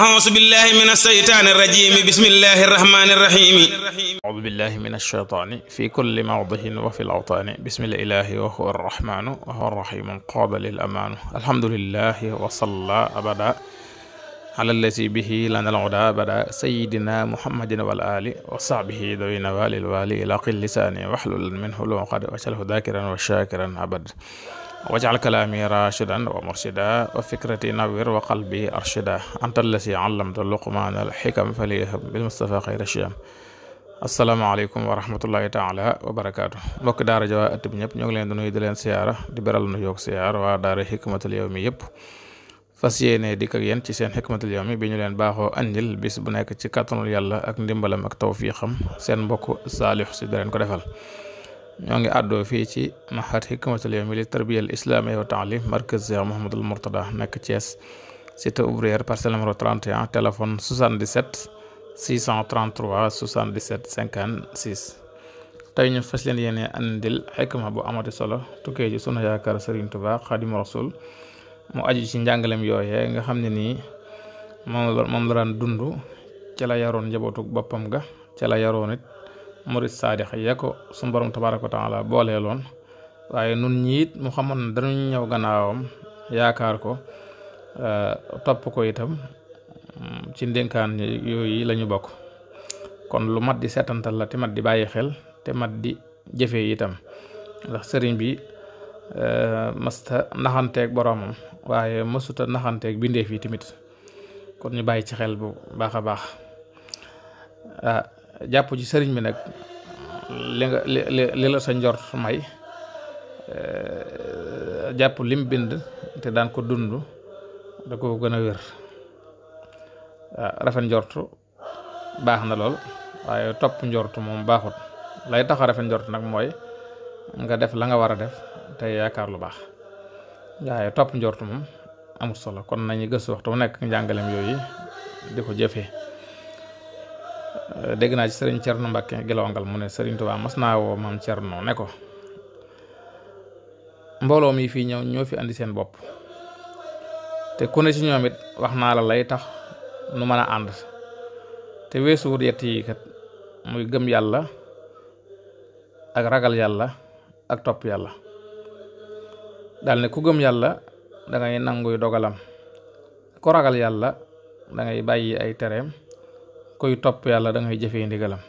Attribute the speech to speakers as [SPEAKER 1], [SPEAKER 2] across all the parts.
[SPEAKER 1] أعوذ بالله من الشيطان الرجيم بسم الله الرحمن الرحيم أعوذ بالله من الشيطان في كل موضع وفي الأوطان بسم الإله وهو الرحمن وهو الرحيم قابل الأمان الحمد لله وصلى أبدا alallasi bihi lanal huda bada sayidina muhammadin wal ali wa sahbihi dawina walil wali ila qil lisaani waxlul minhu luqad waj'alhu dakiran wa shakiran abad waj'al kalami rashidan wa murshida wa fikrati nawwir wa qalbi arshida anta allasi allamta luqmaana al xikam faliyahab bil mustafa xayra shiyam asalaamaaleykum wa rahmatullahi taala wa barakaatu mbokki daara ja waa ëtt bi ñëpp ñoo ngi leen di nuyu di leen siyaara di beral nu yoog siyaar waa daara xikmatul yawmi yëpp fas yéene dikk ak yéen ci seen xikmatul yawmi bi ñu leen baaxoo andil bis bu nekk ci kàttanul yàlla ak ndimbalam ak tawfiixam seen mbokk saalix si leen ko defal ñoo ngi àddoo fii ci maxat xikmatul yawmi li tarbiyal islaamiya wa taalim markaz Cheikh Mouhamadul Mourtada nekk Thiès cité ouvrière parcelle numéro 31 téléphone 77 633 77 56 tey ñu fas leen yéene andil xikma bu amati solo tukkee ji sunu yaakaar Serigne Touba Xaadimu Rasuul mu aju ci njàngalem yooyee nga xam ne nii moom la moom la daan dund ca la yaroon njabootu boppam ga ca la yaroon it murid saadix ya ko suñu borom tabaaraka wa taala booleeloon waaye nun ñiit mu xamoon ne dañu ñëw gannaawam yaakaar ko eh, topp ko itam mm, ci ndénkaan yooyu la ñu bokk kon lu mat di setantal la te mat di bàyyi xel te mat di jëfee itam ndax sëriñ bi Eh, mësta naxanteeg boroomam waaye mësuta naxanteeg bindeef fii tamit kon ñu bàyyi ci xel bu baax a baax ah, jàpp ci sëriñ bi nag li nga li li la sa njort may eh, jàpp lim bind te daan ko dund da ko gën a wér ah, rafet njort baax na lool waaye topp njort moom baaxut lay tax a rafet njort nag mooy nga def la nga war a def tey yaakaar lu baax waaye topp njort moom amul solo kon nañu gëstu waxtu nekk njàngaleem yooyu di ko jëfee euh, dégg naa ci sëriñ Cerno Mbàkke Gelawangal mu ne sëriñ Tuubaa mas naa woo maam Cerno ne ko mbooloo mi fii ñëw ñoo fi indi seen bopp te ku ne ci ñoom it wax naa la lay tax nu mën a ànd te weesuwut yett yi kat muy gëm yàlla ak ragal yàlla ak topp yàlla dal ne ku gëm yàlla da ngay nanguy dogalam ku ragal yàlla dangay bàyyi ay tereem kuy topp yàlla da ngay jëfee ndigalam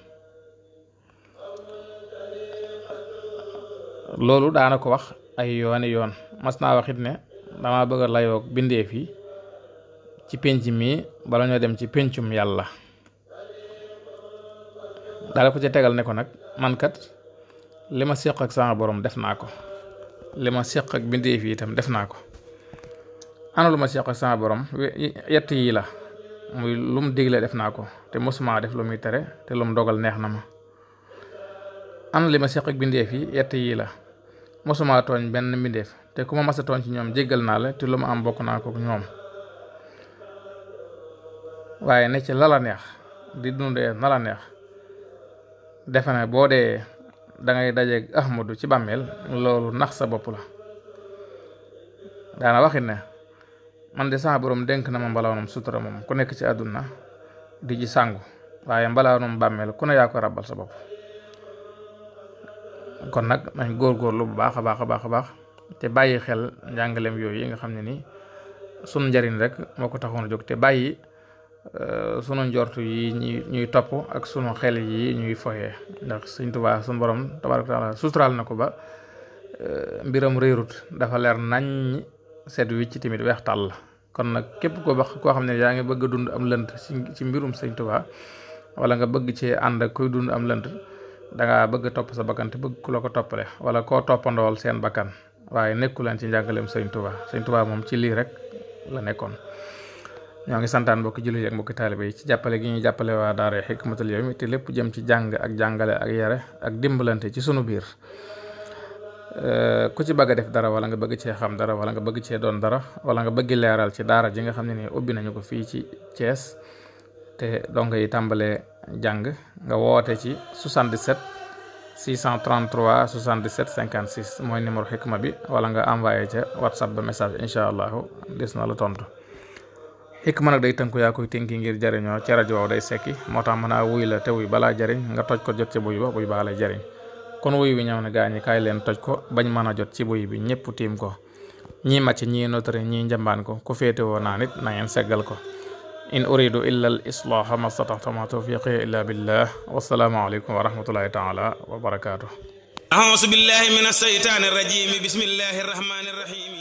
[SPEAKER 1] loolu daana ko wax ay yooni yoon mas naa waxit ne dama bëgg a layoog bindeef yi ci pénc mi bala ñoo dem ci péncum yàlla dala ko ci tegal ne ko nag mankat li ma séq ak sama boroom def naa ko li ma seq ak bindéef yi itam def naa ko ana lu ma seq ak sama borom yett yi la muy lu mu digle def naa ko te mosuma def lu muy tere te lu mu dogal neex na ma ana li ma seq ak bindéef yi yett yi la mosuma tooñ benn mbindéef te ku ma masa tooñ ci ñoom jéggal naa la te lu ma am bokk naa ko ñoom waaye ne ci la neex di dundee na la neex defe ne boo dee dangay ngay dajeeg ahmadu ci bàmmeel loolu nax sa bopp la daana waxit ne man de sama borom dénk na ma mbalaanum sutura moom ku nekk ci àdduna di ji sàngu waaye mbalaanum bàmmeel ku ne yaa ko rabal sa bopp kon nag nañ góorgóorlu bu baax a baax a baax a baax te bàyyi xel njàngaleem yooyu yi nga xam ne nii sun njariñ rek moo ko taxoon a jóg te bàyyi Euh, sunu njortu yi ñuy topp ak sunu xel yi ñuy foyee ndax sëñ Tuubaa sunu borom tabaaraka taala suturaal na ko ba euh, mbiram réerut dafa leer nañ seet wi ci tamit weex tàll la kon nag képp ko bax koo xam ne yaa ngi bëgg dund am lënt ci mbirum sëñ Tuubaa wala nga bëgg ci ànd ak kuy dund am lënt danga bëgg topp sa bakkan te bëgg ku la ko toppale wala koo toppandool seen bakkan waaye nekku leen ci njàngaleem sëñ Tuubaa sëñ Tuubaa moom ci lii rek la nekkoon ñoo ngi santaan mbokki jullit yi ak mbokki taalibe yi ci jàppale gi ñuy jàppale waa daara Hikmatul Yawmi te lépp jëm ci jàng ak jàngale ak yare ak dimbalante ci sunu biir eh, ku ci bëgg def dara wala nga bëgg cee xam dara wala nga bëgg cee doon dara wala nga bëgg leeral ci daara ji nga xam ne nii ubbi nañu ko fii ci cees te donc yi tàmbalee jàng nga woote ci 77 633 77 56 mooy numéro Hikma bi wala nga envoyé ca WhatsApp ba message incha allahu des na la tontu. xikk ma nag day tënku yaa koy tënki ngir jariñoo ca rajo waaw sekki moo tax mën a wuy la te wuy balaa jariñ nga toj ko jot ci buy ba buy baa lay jariñ kon wuy bi ñëw ne gaa ñi leen toj ko bañ mën a jot ci buy bi ñëpp tiim ko ñii màcc ñii notari ñii njambaan ko ku féetewoo naa nit na ngeen seggal ko in uridu illa al islaaha ma stataxtama tawfiqi illa billah wasalaamu aleykum wa rahmatullahi taala wa barakaatu ausu billahi min alseytaani arrajim bismillahi